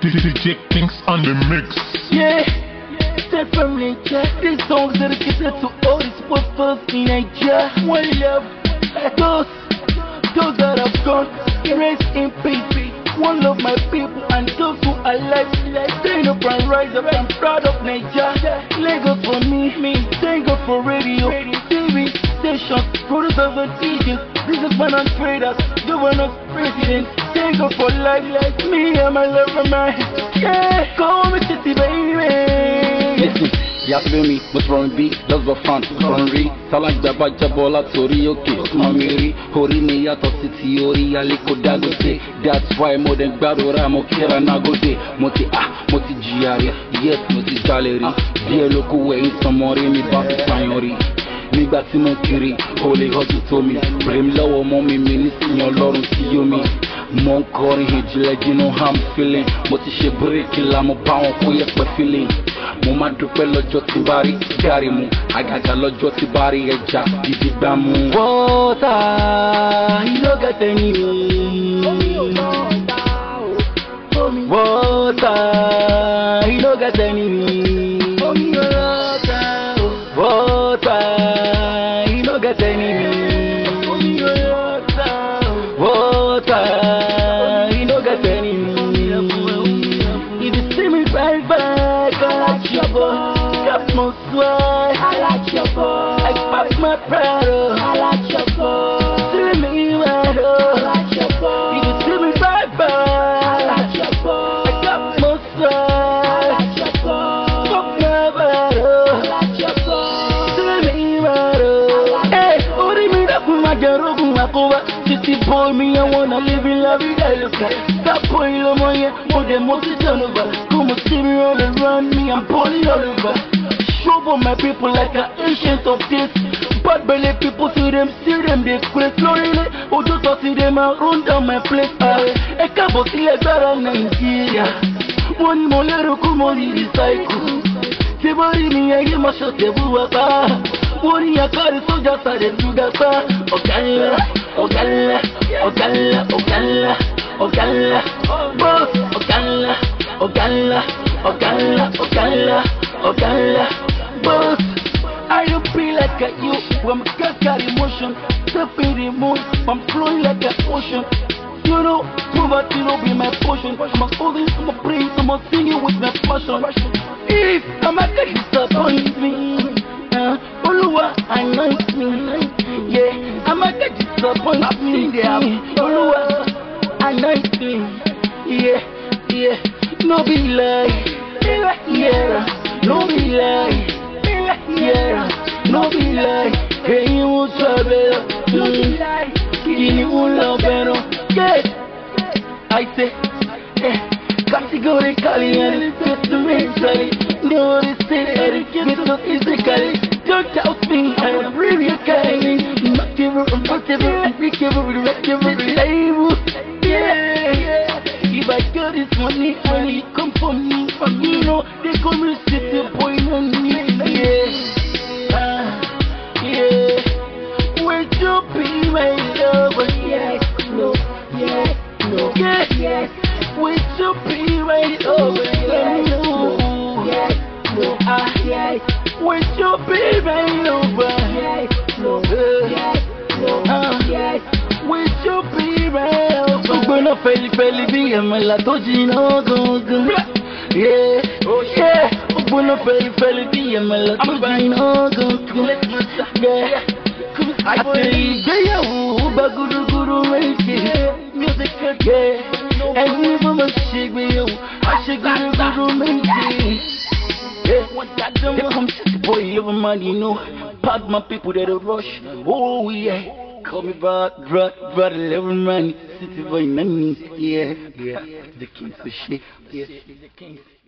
DJ things on the mix. Yeah, step from nature. These songs dedicated to all these purpose in nature. One love, those, those that have gone, rest in peace. One love my people and those who are alive. Stand up and rise up. I'm proud of nature. Lego for me, me. Thank God for radio, TV stations, producers and DJs. This is man and traders, governors, presidents. Single for life like me, I'm a lover man. Yeah, call me city baby. Listen. Yàtúbẹ̀ mi, mo sọ̀rọ̀ bí lọ́sọ̀ fan, mo sọ̀rọ̀ rí. Tálágbàgbà jábọ̀ látòrí òkè, mọ̀ mi rí. Orí mi yàtọ̀ sí ti orí Aliko Dangote. That's why mo dẹ̀ gbàdúrà mo kẹ́ra Nagode. Mo ti ah, Moti ti jìyà rí, yes mo ti jalè rí. Díẹ̀ ló kú wẹ̀yìn sanmọ́ rí mi bá fi sàyàn rí nígbà tí mo kiri olè ọdún tó mi rèm lọ́wọ́ mọ́ mi mi nísìnyí ọlọ́run tí mo ń kọrin ìjìnlẹ̀ ham feeling mo ti ṣe bíréèkì la mo bá wọn kó yẹpẹ feeling mo máa dúpẹ́ lọ́jọ́ tí bá rí gàrí mu àgàgà lọ́jọ́ tí bá rí ẹja gidi gbá mu. wọ́tà ìlọ́gàtẹ̀ yìí. good one. I like your voice. I pop my pride I like your voice. See me right up. I like your voice. You can see me right by. I like your voice. I got my style. I like your voice. Fuck my body I like your voice. See me right up. Hey, what do you mean up my girl? Up with my cover. City boy, me, I wanna live in love with that look like. That boy, you know, my yeah, more than most is done over. Come and see me on the run, me, I'm pulling all over. trouble my people like an ancient of days. Bad belly people see them, see them, they craze. Lórílẹ̀ ojú sọ sí them around run down my place. Ẹ káàbọ̀ sílẹ̀ gbára Nàìjíríà. Wọ́n ní mo lérò kú mo rí recycle. Tí bá mi ẹyẹ máa ṣọ̀tẹ̀ bú wa pa. Wọ́n ní àkárí sójà sàrẹ̀ dúdà pa. Ọ̀gá ńlá, ọ̀gá ńlá, ọ̀gá ńlá, ọ̀gá ńlá, ọ̀gá ńlá, bọ́ọ̀sì ọ̀gá ńlá, worse. I don't feel like a you when I got, got emotion. Stepping the moon, I'm flowing like an ocean. You know, poverty will be my potion. I'm a holding, I'm a praying, I'm a singing with my passion. If I'm a god, disappoint me. Uh, Oluwa anoint me. Yeah, I'm a god, disappoint me. Oluwa anoint me. Yeah, yeah, no be lie. Yeah, no be lie no be like que you sabero Gini love, lovero Yeah I say Yeah Categorically and it fits the mentally No one is steady Get up physically Don't doubt me I'm a brilliant guy Not give up, I'm not give up I'm not give up, I'm not give up Reliable Yeah If I got this money I come for me But you know They gonna sit the point on me to be my lover. Yes, no, yes, no, yes, yes. Wait be my lover. Yes, no, yes, no, ah, yes. be my lover. Yes, no, yes, no, ah, yes. Wait to be my lover. Ṣùgbọ́n náà bí ẹ̀mẹ́lá tó gangan. Yeah, oh yeah. bí ẹ̀mẹ́lá tó jìnnà gangan. Yeah. man, you know. pack my people that rush. Oh, yeah. Call me back, brought, brought 11 man, city boy, none, yeah, yeah, the king, so shit, yeah, the king.